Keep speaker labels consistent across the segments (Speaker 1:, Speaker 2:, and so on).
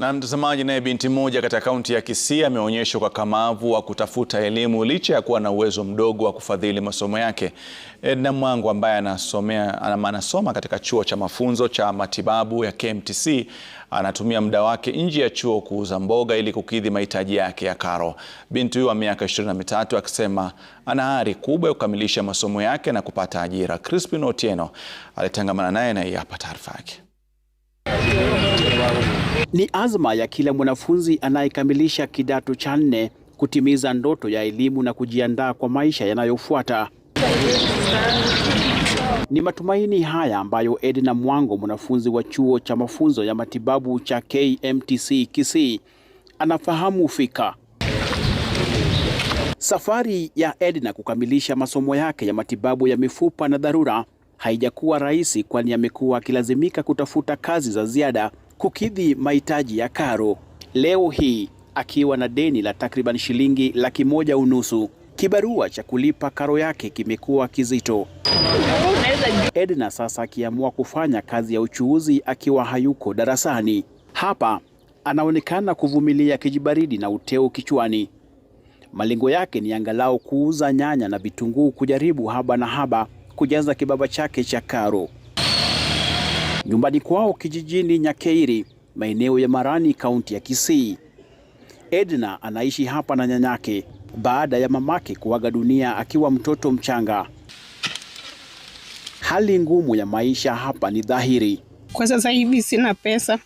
Speaker 1: Na mtazamaji, naye binti mmoja katika kaunti ya Kisii ameonyesha kamavu wa kutafuta elimu licha ya kuwa na uwezo mdogo wa kufadhili masomo yake. Edna Mwangu ambaye anasomea anasoma katika chuo cha mafunzo cha matibabu ya KMTC anatumia muda wake nje ya chuo kuuza mboga ili kukidhi mahitaji yake ya karo. Binti huyu wa miaka ishirini na mitatu akisema ana ari kubwa ya kukamilisha masomo yake na kupata ajira. Crispin Otieno alitangamana naye na hii hapa taarifa yake.
Speaker 2: Ni azma ya kila mwanafunzi anayekamilisha kidato cha nne kutimiza ndoto ya elimu na kujiandaa kwa maisha yanayofuata. Ni matumaini haya ambayo Edna Mwango, mwanafunzi wa chuo cha mafunzo ya matibabu cha KMTC Kisii, anafahamu fika. Safari ya Edna kukamilisha masomo yake ya matibabu ya mifupa na dharura haijakuwa rahisi, kwani amekuwa akilazimika kutafuta kazi za ziada kukidhi mahitaji ya karo. Leo hii akiwa na deni la takriban shilingi laki moja unusu, kibarua cha kulipa karo yake kimekuwa kizito. Edna sasa akiamua kufanya kazi ya uchuuzi akiwa hayuko darasani. Hapa anaonekana kuvumilia kijibaridi na uteo kichwani. Malengo yake ni angalau kuuza nyanya na vitunguu, kujaribu haba na haba kujaza kibaba chake cha karo nyumbani kwao kijijini Nyakeiri, maeneo ya Marani, kaunti ya Kisii. Edna anaishi hapa na nyanyake baada ya mamake kuaga dunia akiwa mtoto mchanga. Hali ngumu ya maisha hapa ni dhahiri.
Speaker 3: Kwa sasa hivi sina pesa.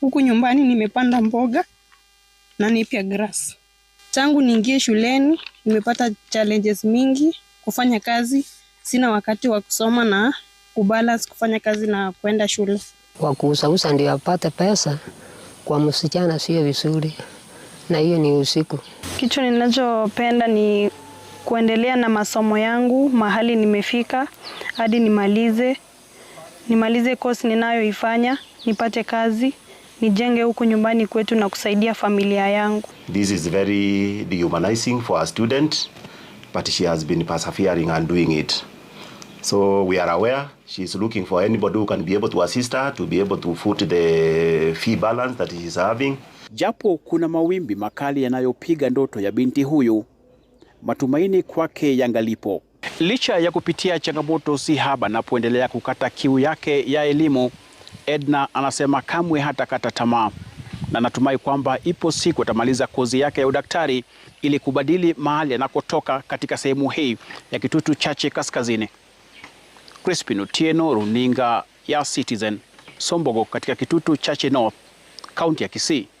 Speaker 3: Huku nyumbani nimepanda mboga na nipia grass. Tangu niingie shuleni nimepata challenges mingi, kufanya kazi, sina wakati wa kusoma na kubalance kufanya kazi na kwenda shule.
Speaker 4: Kwa kuusausa ndio apate pesa, kwa msichana sio vizuri, na hiyo ni usiku.
Speaker 5: Kitu ninachopenda ni kuendelea na masomo yangu mahali nimefika hadi nimalize, nimalize kosi ninayoifanya, nipate kazi, nijenge huku nyumbani kwetu na kusaidia familia yangu.
Speaker 6: This is very dehumanizing for a student, but she has been persevering and doing it. So we are aware is looking for anybody who can be able to assist her to be able to foot the fee balance that is having.
Speaker 2: Japo kuna mawimbi makali yanayopiga ndoto ya binti huyu, matumaini kwake yangalipo. Licha ya kupitia changamoto si haba na kuendelea kukata kiu yake ya elimu, Edna anasema kamwe hata kata tamaa na natumai kwamba ipo siku atamaliza kozi yake ya udaktari ili kubadili mahali anakotoka katika sehemu hii ya Kitutu Chache Kaskazini. Crispin Otieno, runinga ya Citizen, Sombogo katika Kitutu Chache North, kaunti ya Kisii.